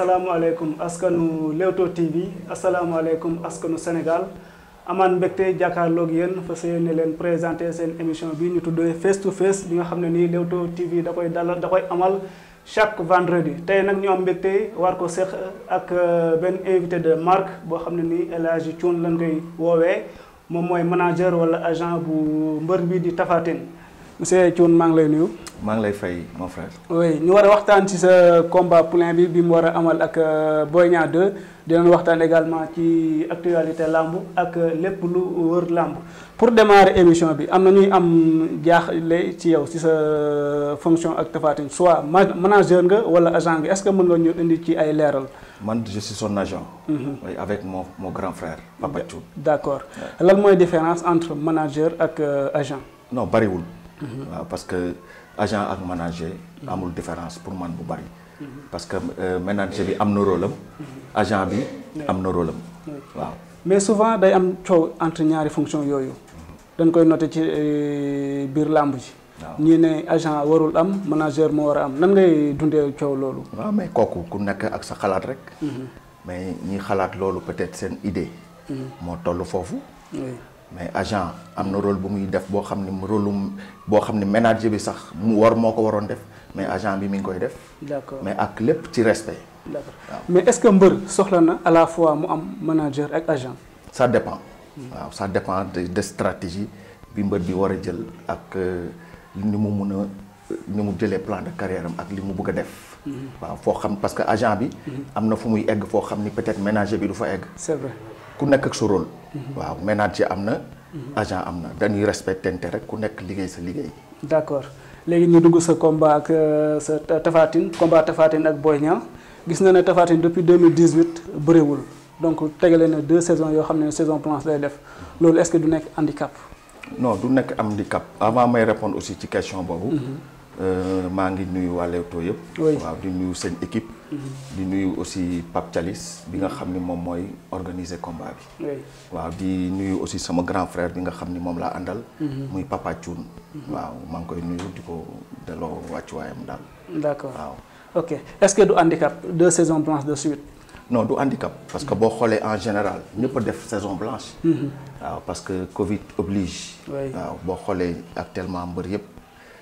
asalaamualeykum askanu Leewtoo TV asalaamualeykum askanu Sénégal amaan mbégte jàkkaarloog yéen fas yéene leen présenté seen émission bi ñu tuddee face to face bi nga xam ne nii Leewtoo TV da koy dalal da koy amal chaque vendredi tey nag ñu am mbégte war ko set ak euh, benn invité de marque boo xam ne nii El Hadji Thioune koy woowee moom mooy manager wala agent bu mbër bi di Tapha monsieur Thioune maa ngi lay nuyu. maa ngi lay fay mon frère. oui ñu war a waxtaan ci sa combat poulain bi bi mu war a amal ak euh, Boy Niang 2 dinañ waxtaan également ci actualité làmb ak lépp lu wër làmb pour démarrer émission bi am na ñuy am jaaxle ci yow ci sa euh, fonction ak Tapha Tine soit manager nga wala agent nga est-ce que mën nga ñu indi ci ay leeral. man je son agent. Mhm. oui avec mon mon grand frère. Papa Thioune d'accord lan mooy différence entre manager ak euh, agent. no bariwul. Mm-hmm. waaw parce que agent ak manager amul différence pour man bu bari mm-hmm. parce que manager bi am na rôle agent bi am na rôle am mm-hmm. waaw mais souvent day am coow entre ñaari fonction yooyu dañ koy noté ci euh, biir làmb ji ñii ne agent warul am manager moo war a am nan ngay dundee coow loolu waaw mais kooku ku nekk ak sa xalaat rek mais ñi xalaat loolu peut-être seen idée moo toll foofu mais agent am na rôle bu muy def boo xam ne rôle boo xam ne ménager bi sax mu war moo ko waroon def mais agent bi mi ngi koy def. d'accord mais ak lépp ci respect. d'accord mais est-ce que mbër soxla na à la fois mu am manager ak agent. ça dépend. Hmm. waaw sa dépend de stratégie bi mbër bi war a jël ak euh, ni mu mun a. ni mu jëlee plan de carrière ak li mu bëgg a def. Mm-hmm. waaw foo xam parce que agent bi. Mm-hmm. am na fu muy egg foo xam ni peut-être ménager bi du fa egg. c'est vrai ku nekk ak sa rôle. Mm-hmm. waaw ménager am na. agent am na dañuy respectante rek ku nekk liggéey sa liggéey. d'accord léegi ñu dugg sa combat ak euh, sa Tapha Tine combat Tapha Tine ak Boy Niang gis na ne depuis Tapha Tine depuis 2018 bërewul donc tegale na deux saisons yoo xam ne saison blanche lay def loolu est-ce que du nekk handicap. non du nekk handicap avant may répondre aussi ci question boobu. Euh, maa ngi nuyu waa Leewtoo yëpp. waaw di nuyu seen équipe. Mm-hmm. di nuyu aussi Pape Thialis bi nga xam ni moom mooy organiser combat bi. waaw di nuyu aussi sama grand frère bi nga xam ni moom laa àndal. Mm-hmm. muy Papa Thioune. Mm-hmm. waaw maa ngi koy nuyu di ko delloo wàccuwaayam daal. d'accord waaw. ok est-ce que du handicap de saison blanches de suite. no du handicap parce que boo xoolee en général ñëpp a def saison blanche. waaw parce que Covid oblige. waaw boo xoolee actuellement mbër yëpp.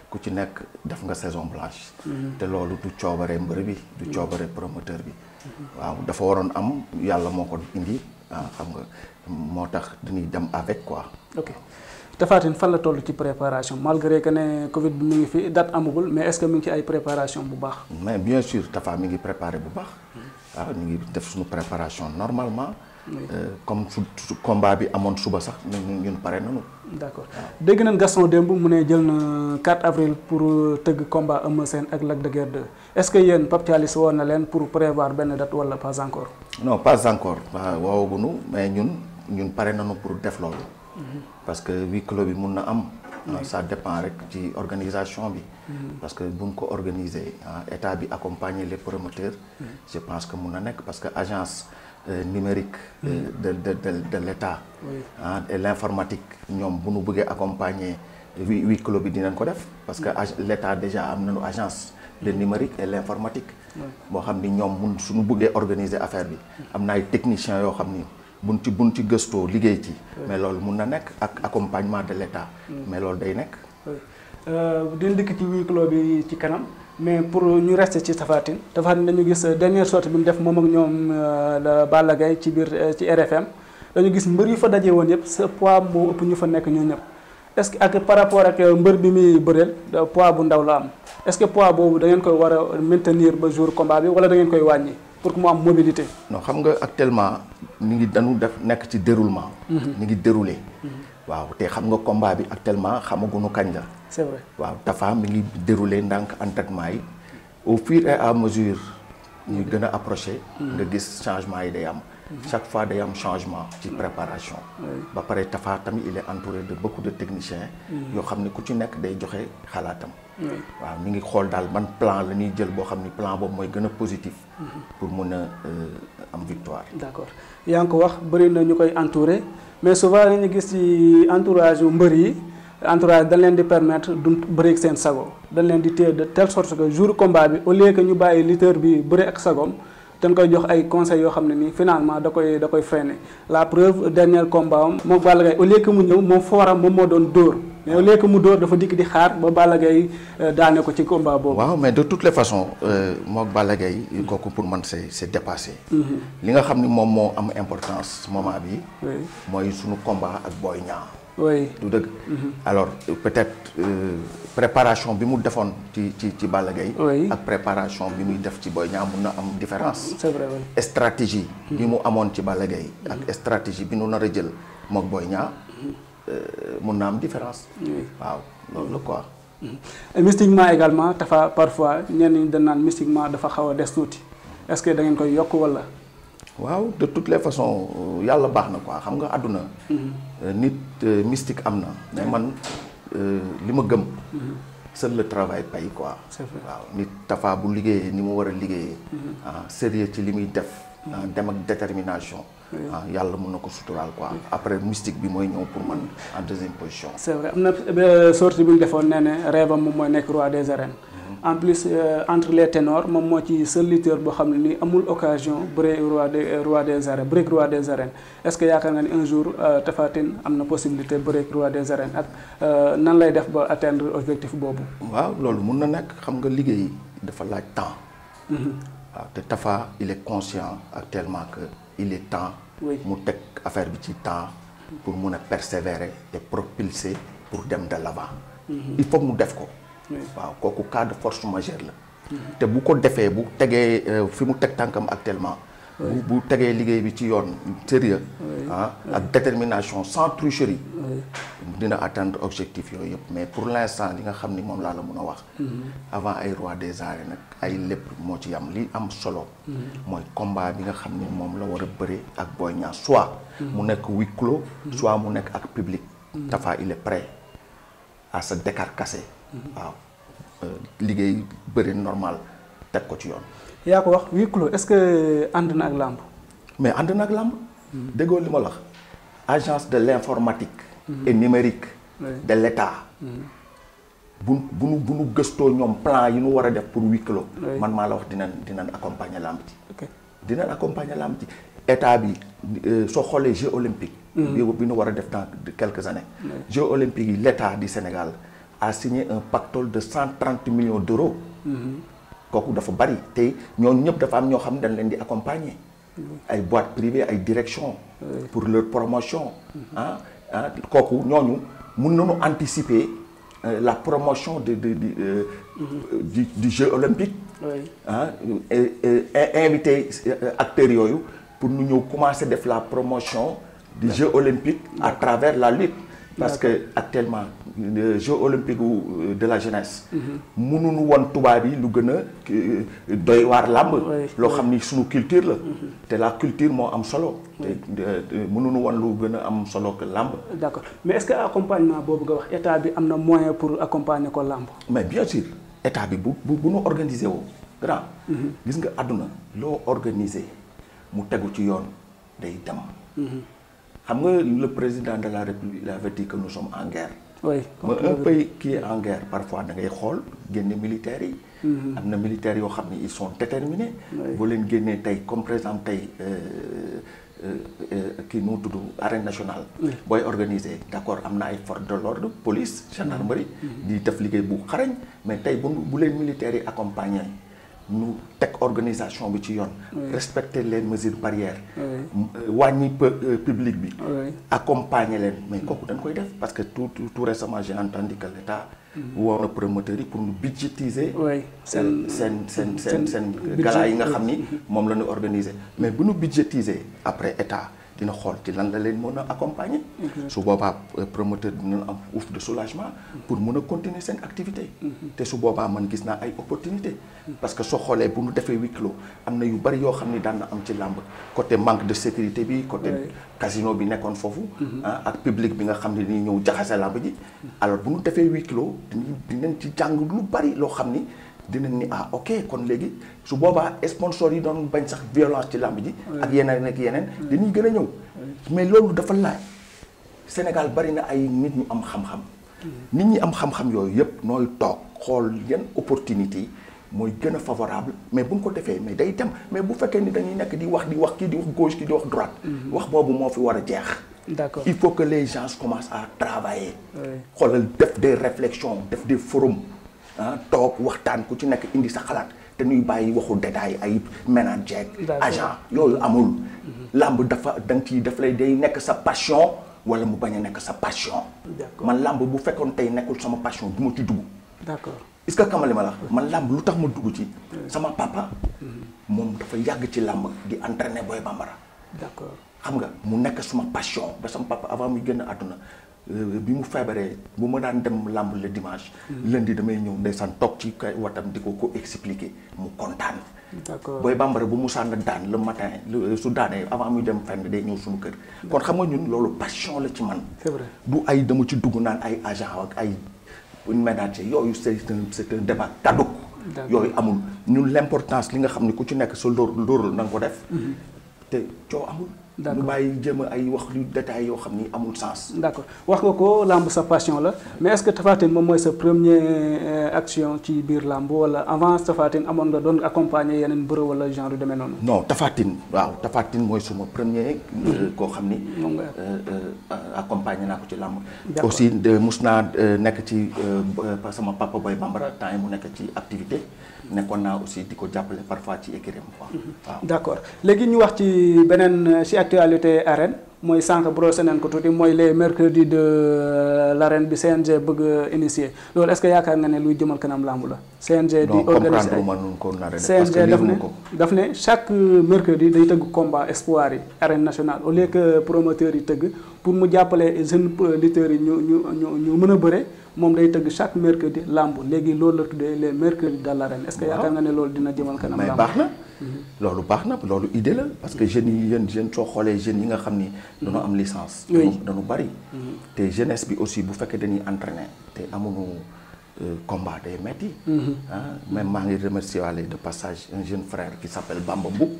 ku ci nekk def nga saison blanche. Mhm. te loolu du coobaree mbër bi du mhm. coobare promoteur bi. Mhm. waaw dafa waroon am yàlla moo ko indi ah, xam nga moo tax dañuy dem avec quoi. ok Tapha fan la toll ci préparation malgré que ne Covid bi mu ngi fi date amagul mais est-ce que mu ngi ci ay préparation bu baax. mais bien sûr Tapha mi ngi préparé bu baax. waaw ah, ñu ngi def suñu préparation normalement. Euh, comme fu combat bi amoon suba sax ñun pare nañu. d' accord dégg nañ Gaston démb mu ne jël na 4 avril pour euh, tëgg combat Eumeu Sène ak Lac de Guiers 2 est ce que yéen Pape Thialis woo na leen pour prévoir benn date wala pas encore. non pas encore waaw woowagunu mais ñun ñun pare nañu pour def loolu. Mhm. parce que huis clos bi mun na am. ça dépend rek ci organisation bi. Mhm. parce que buñ ko organiser ah, état bi accompagner les promoteurs. Mhm. je pense que mun na nekk parce que agence. Euh, numérique euh, mm. de de de de l'État ah et l'informatique ñoom bu nu bëggee accompagner huit huit club bi dinañ ko def parce que mm. l'État déjà am nañu agence le mm. numérique et l'informatique boo xam ni ñoom mun suñu bëggee organiser affaire bi am na ay techniciens yoo xam ni buñ ci buñ ci gëstoo liggéey ci mais loolu mun na nekk ak accompagnement de l'État mais loolu day nekk euh, dina dikk ci huis clos bi ci kanam mais pour ñu rester ci Tapha Tine Tapha Tine dañu gis euh, dernière sortie bi mu def moom ak ñoom euh, la Balla Gaye ci biir euh, ci RFM dañu gis mbër yu fa daje woon yëpp sa poids moo ëpp ñu fa nekk ñoo ñëpp est-ce que ak par rapport ak mbër bi muy bëreel poids bu ndaw la am est-ce que poids boobu da ngeen koy war a maintenir ba jour combat bi wala da ngeen koy wàññi pour que mu am mobilité. non xam nga actuellement ñu ngi dañu def nekk ci déroulement. Mhm. ñu ngi déroulé. Mhm. waaw te xam nga combat bi actuellement xamaguñu kañ la. c'est vrai waaw Tafa mi ngi dérouler ndànk entêtement yi au fur et à mesure ñuy gën a approché hmm. nga gis changement yi day am hmm. chaque fois day am changement ci préparation ba pare tafaa tamit il est entouré de beaucoup de techniciens hmm. yoo xam ne ku ci nekk day joxe xalaatam waaw ñu ngi xool daal man plan la ñuy jël boo xam ni plan boobu mooy gën a positif pour mun a euh, am victoire d'accord yaa ngi ko wax bëri ñu koy entouré mais souvent ñu gis ci entourage yu mbër yi entourage dañ leen di permettre du bëreeg seen sago dañ leen di téye de telle sorte que jour combat bi au lieu ñu bàyyi lutteur bi bëri ak sagoom dañ koy jox ay conseils yoo xam ne nii finalement da koy da koy freiné la preuve dernier combat am moom Balla Gaye au lieu que mu ñëw moom fooram moom moo doon dóor mais au lieu mu dóor dafa dikk di xaar ba Balla Gaye euh, daane ko ci combat boobu. waaw mais de toutes les façons euh, moog Balla Gaye kooku pour man c'est c'est dépassé. Mm-hmm. li nga xam ni moom moo am importance moment bi mooy sunu combat ak Boy Niang. oui du dëgg. Mhm. alors peut-être euh, préparation bi mu defoon ci ci ci Balla Gaye ak préparation bi muy def ci Boy Niang mun na am différence. c'est vrai stratégie. bi mu mhm. amoon ci Balla Gaye mhm. ak stratégie bi nu nar a jël mook Boy Niang euh, mun na am différence. waaw loolu la quoi. mystiquement également dafa parfois ñenn ñi dañ naan mystiquement dafa xaw des tuuti est-ce que dangeen koy yokk walla. waaw de toutes les façons euh, yàlla baax na quoi xam nga àdduna. Mm-hmm. Euh, nit euh, mystique am na. mais mm-hmm. man li ma gëm. Mm-hmm. seul le travail paye quoi. c'est vrai waaw nit tafa bu liggéeyee ni mu war a liggéeyee. ah sérieux ci li muy def. Ah, dem ak détermination. ah yàlla mën na ko suturaal quoi. après mystique bi mooy ñëw pour man en deuxième position. c'est vrai am na sortie bu ñu defoon nee ne rêve am moom mooy nekk roi des arènes. en plus euh, entre les ténors moom moo ci seul lutteur boo xam ne nii amul occasion bëre roi des euh, roi des arènes bëre roi des arènes est-ce que yaakaar nga ni un jour euh, Tapha Tine am na possibilité bëre roi des arènes ak nan lay def ba atteindre objectif boobu. waaw loolu mun na nekk xam nga liggéey dafa laaj temps. Mhm. waaw te Tapha il est conscient actuellement que il est temps. mu teg affaire bi ci temps. pour mun a persévérer et propulser pour dem de l'avant. Mhm. il faut mu def ko. waaw kooku cas de force majeure la. te bu ko defee bu tegee euh, fi mu teg tànkam actuellement. bu bu tegee liggéey bi ci yoon sérieux ah ak détermination sans tricherie. dina attendre objectif yooyu yëpp mais pour l' instant li nga xam ni moom laa la mën a wax. Mhm. avant ay roi des arènes nag ay lépp moo ci am li am solo. Mhm. mooy combat bi nga xam ni moom la war a bëre ak Boy Niang soit. Mhm. mu nekk huis clos. soit mu nekk ak public. Tapha il est prêt à se décarcasser. waaw euh, liggéey bëri normal teg ko ci yoon. yaa ko wax huis clos est-ce que ànd na ak làmb. mais ànd na ak làmb. Mm-hmm. déggoo li ma lax agence de l'informatique. Mm-hmm. et numérique. de l'État. Mm-hmm. bu bu nu bu nu gëstoo ñoom plan yi nu war a def pour huis clos. man maa la wax dinañ dinañ accompagner làmb ci. ok dinañ accompagner làmb ci état bi euh, soo xoolee Jeux olympiques. bi bi nu war a def dans quelques années. Jeux olympiques yi l'État du Sénégal. a signé un pactole de cent trente millions d' kooku dafa bari te ñooñu ñëpp dafa am ñoo xam ne dañ leen di accompagner. ay boîtes privées ay direction pour leur promotion. Ah, ah kooku ñooñu mun nañu anticiper euh, la promotion de de euh, du du jeu olympique. ah invité euh, acteurs yooyu pour ñu ñëw commencer def la promotion. du jeu olympique à travers la lutte. parce que actuellement. Euh, euh, jeux olympiques euh, de la jeunesse. mënuñu won tubaab yi lu gën a doy waar làmb. loo xam ni suñu culture la. Mhm. te la culture moo am solo. te mënuñu woon lu gën a am solo que làmb. d'accord mais est-ce que accompagnement boobu nga wax état bi am na moyen pour accompagner ko làmb. mais bien sûr état bi bu bu bu nu organiser woo. grand. Mhm. gis nga àdduna loo organiser mu tegu ci yoon day dem. Mhm. xam nga le président de la République la dit que nous sommes en guerre. oui ma un pays qui est en guerre parfois da ngay xool génne militaires yi. Mhm. am na militaires yoo xam ne ils son déterminés. boo leen génnee tey comme par tey euh, euh, euh, kii nu mu tudd arène nationale. booy organisé d' accord am na ay forces de l' ordre police gendarmerie. Mhm. di def liggéey bu xarañ mais tey bu bu leen militaires yi accompagner. ñu teg organisation bi ci yoon. respecter les mesures barrières. Euh, wàññi euh, public bi. accompagne leen mais kooku dañ koy def parce que tout tout récemment j'ai entendu que l'État mhm. woo na promoteurs yi pour ñu budgétiser. Mm. seen seen seen seen seen gala yi nga xam ni moom la ñu organiser mais bu ñu budgétiser après État. dina xool ci lan la leen mën a accompagner. Mhm. su boobaa euh, promoteur dina am ouf de soulagement. pour mun a continuer seen activité. Mhm. te su boobaa man gis naa ay opportunité mhm. parce que soo xoolee bu ñu defee huis clos am na yu bari yoo xam ni daan na am ci làmb côté manque de sécurité bi côté casino bi nekkoon foofu. Ah, ak public bi nga xam ne dañuy ñëw jaxase làmb ji. alors bu ñu defee huis clos dinañ ci jàng lu bari loo xam ni. dinañ ni ah ok kon léegi su boobaa sponsor yi doon bañ sax violence ci làmb ji. ak yeneen ak yeneen. dañuy gën a ñëw. mais loolu dafa laaj Sénégal bari na ay nit ñu am xam-xam. nit ñi am xam-xam yooyu yëpp nooy toog xool yan opportunité yi mooy gën a favorable mais bu ñu ko defee mais day dem mais bu fekkee ni dañuy nekk di wax di wax kii di wax gauche kii di wax droite. Mhm. wax boobu moo fi war a jeex. d'accord il faut que les gens commencent à travailler. xoolal def des réflexions def des forums. Ah, toog waxtaan ku ci nekk indi sa xalaat te ñuy bàyyi waxul détail ay ménager agent yooyu amul làmb dafa danga ciy daf lay day nekk sa passion wala mu bañ a nekk sa passion man làmb bu fekkoon tey nekkul sama passion du ma ci dugg d'accord que xamal ma la man làmb lu tax ma dugg ci sama papa mhm. moom dafa yàgg ci làmb di entraîner booy Bambara d'accord xam nga mu nekk sama passion ba sama papa avant muy génn àdduna Euh, bi mu feebaree bu ma daan dem làmb le dimanche. Mm. di damay ñëw ndeysaan toog ci kay watam di ko ko expliquer mu kontaan. d'accord booy bambara bu mu sànn daan le matin euh, su daanee avant muy dem fenn day ñëw suñu kër. kon xam nga ñun loolu passion la ci man. c'est vrai du ay dama ci dugg naan ay agent ak ay ménager yooyu c'est un c'est un débat caduc. yooyu amul ñun l'importance li nga xam ne ku ci nekk sa lóor lóoral na ko def. Mm-hmm. te coo amul. d'accord mu bàyyi jëm ay wax lu détail yoo xam ni amul sens. d'accord wax nga ko làmb sa passion la mais est-ce que Tapha Tine moom mooy sa première euh, action ci biir làmb wala avance tafaatin amoon nga doon accompagner yeneen bërë wala genre yu demee noonu. non Tapha waaw Tapha Tine mooy suma premier. Euh, mhm. koo xam ni. nga euh, accompagner naa ko ci làmb. aussi de mus naa nekk ci sama papa Boy Bambara temps mu nekk ci activité. nekkoon naa aussi di ko jàppale parfois ci écurie am quoi. Mhm. waaw léegi ñu wax ci beneen ci actualité arène mooy sànq brosé nañ ko tuuti mooy les mercredis de euh, l' bi CNG bëgg initier loolu est ce que yaakaar nga ne luy jëmal kanam làmb la. CNG di organiser non comprendre ko CNG daf ne chaque euh, mercredi day tëgg combat espoir yi arène nationale au lieu que promoteurs yi tëgg pour mu jàppale jeunes euh, lutteurs yi ñu ñu ñu ñu mën a bëre. moom day tëgg chaque mercredi làmb léegi loolu la tuddee les mercredis de l'arène est-ce que yaakaar nga ne loolu dina jëmal kanam làmb mais baax na mhm. loolu baax na loolu idée la parce que jeunes yi jeunes jeune soo xoolee jeunes yi nga xam ni dañoo am licence dañu bari mhm. te jeunesse bi aussi bu fekkee dañuy entraîner te amuñu combat day metti mhm. ah même maa ngi remercier waale de passage un jeune frère qui s'appelle Bamba Mboup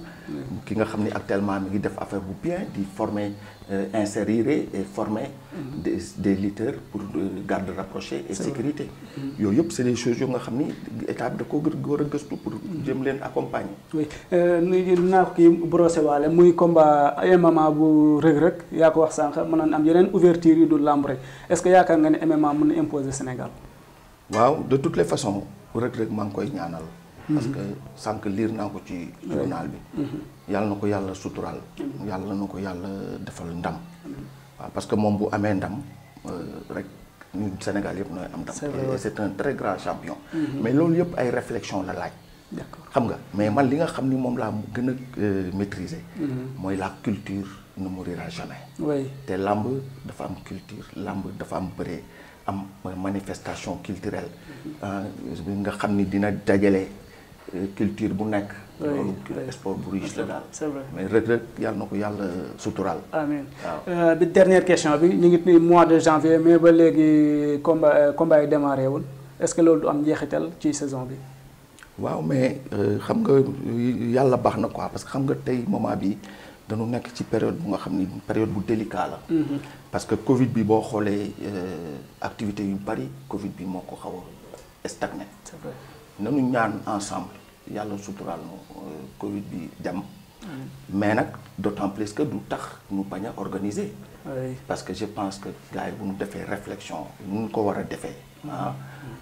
ki nga xam ni actuellement mi ngi def affaire bu bien di former euh, insérer et former mhm. des des lutteurs pour euh, garde rapprochée et sécurité mhm. yooyu yëpp c'est des choses yoo nga xam ni état bi da ko war a gëstu pour jëm leen accompagne oui euh, naa ko kii brosé waale muy combat MMA bu Reug Reug yaa ko wax sànq mën na am yeneen ouverture yu du lamb rek est-ce que yaakaar nga ne MMA mën na imposer Sénégal waaw de toutes les façons Reug Reug maa ngi koy ñaanal. Mm-hmm. parce que sànq liir naa ko ci journal bi. Mm-hmm. yàlla na ko yàlla suturaal. yàlla na ko yàlla defal ndam. waaw parce que moom bu amee ndam euh, rek ñun Sénégal yëpp nooy am ndam. c' est un très champion. Mm-hmm. mais loolu yëpp ay réflexion la laaj. xam nga mais man li nga xam ni moom laa gën a euh, maitriser mooy la culture ne mourira jamais. te làmb dafa am culture làmb dafa am bëree. am manifestation culturelle euh, nga xam ni dina dajale euh, culture bu nekk loolu sport bu riche la daal c'est mais Reug Reug yàlla na ko yàlla suturaal amiin waaw euh, bi dernière question bi ñu ngi nii mois de janvier mais ba léegi combat combat yi démarré wul est-ce que loolu du am njeexital ci saison bi waaw mais xam nga yàlla baax na ko parce que xam nga tey moment bi dañu nekk ci période bu nga xam ni période bu délicat la mm-hmm. parce que Covid bi boo xoolee euh, activité yu bari Covid bi moo ko xaw a stagné. c'est vrai nanu ñaan ensemble yàlla suturaal nu euh, Covid bi dem. Mm. mais nag d'autant plus que du tax ñu bañ a organiser. parce que je pense que gars bu ñu defee réflexion nu ñu ko war a defee. Mm. Ah,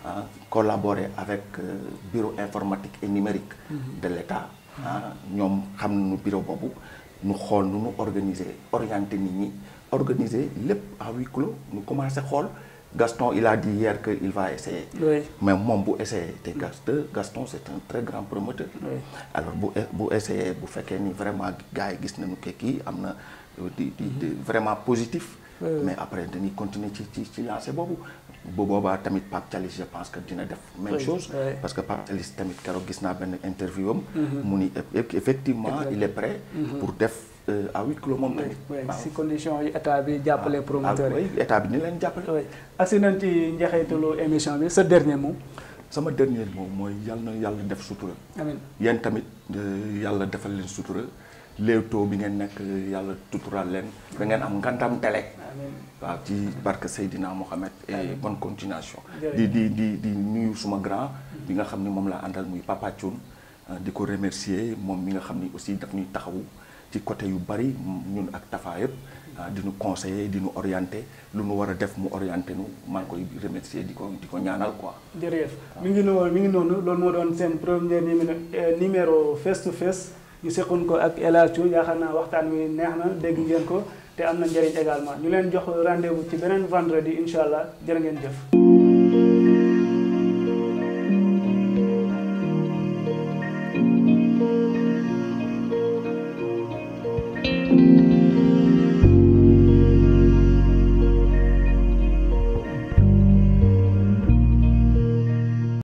ah collaborer avec euh, bureau informatique et numérique. Mm-hmm. de l'État. Ah, ñoom xam nañu bureau boobu ñu xool nu mu organiser orienter nit ñi. organiser lépp à huis clos ñu commencé xool Gaston il a dit hier que il va essayer. mais moom bu essayer te Gaston c' est un très grand promoteur. alors bu e, bu essayer bu fekkee ni vraiment gars yi gis na que kii am na euh, di di mm-hmm. vraiment positif. mais après dañuy continuer ci ci ci lancé boobu. bu boobaa tamit Pape Thialis pense que dina def. même chose parce que Pape Thialis tamit keroog gis naa benn interview mm-hmm. mu ni e, e, effectivement il est prêt. Mm-hmm. pour def. Euh, à huis clos moom tamit. waaw si condition yi état bi jàppale ah, promoteur yi état bi ni leen jàppale. oui agsi nañ ci njeexitalu émission bi sa dernier mot. sama dernier moom mooy yal yàlla def sutura. amiin yéen tamit euh, yàlla defal leen sutura. Leewtoo bi ngeen nekk euh, yàlla tuturaal leen. da ngeen am ngantam télé. waaw ci barke Seydina Mohamed. et bonne continuation. di di di di nuyu suma grand. bi nga xam ni moom laa àndal muy Papa di ko remercier moom mi nga xam ni aussi daf ñuy taxawu. ci côté yu bari ñun ak Tafa yëpp ah, di ñu conseiller di ñu lu ñu war a def mu orienter nu maa ngi koy remercier di ko di ko ñaanal quoi. jërëjëf mi ngi noonu mi ngi noonu loolu moo doon seen premier euh, numéro face to face ñu seqoon ko ak El Hadj Diouf yaakaar naa waxtaan wi neex na dégg ngeen ko te am na njëriñ également ñu leen jox rendez-vous ci beneen vendredi incha allah jërë ngeen jëf.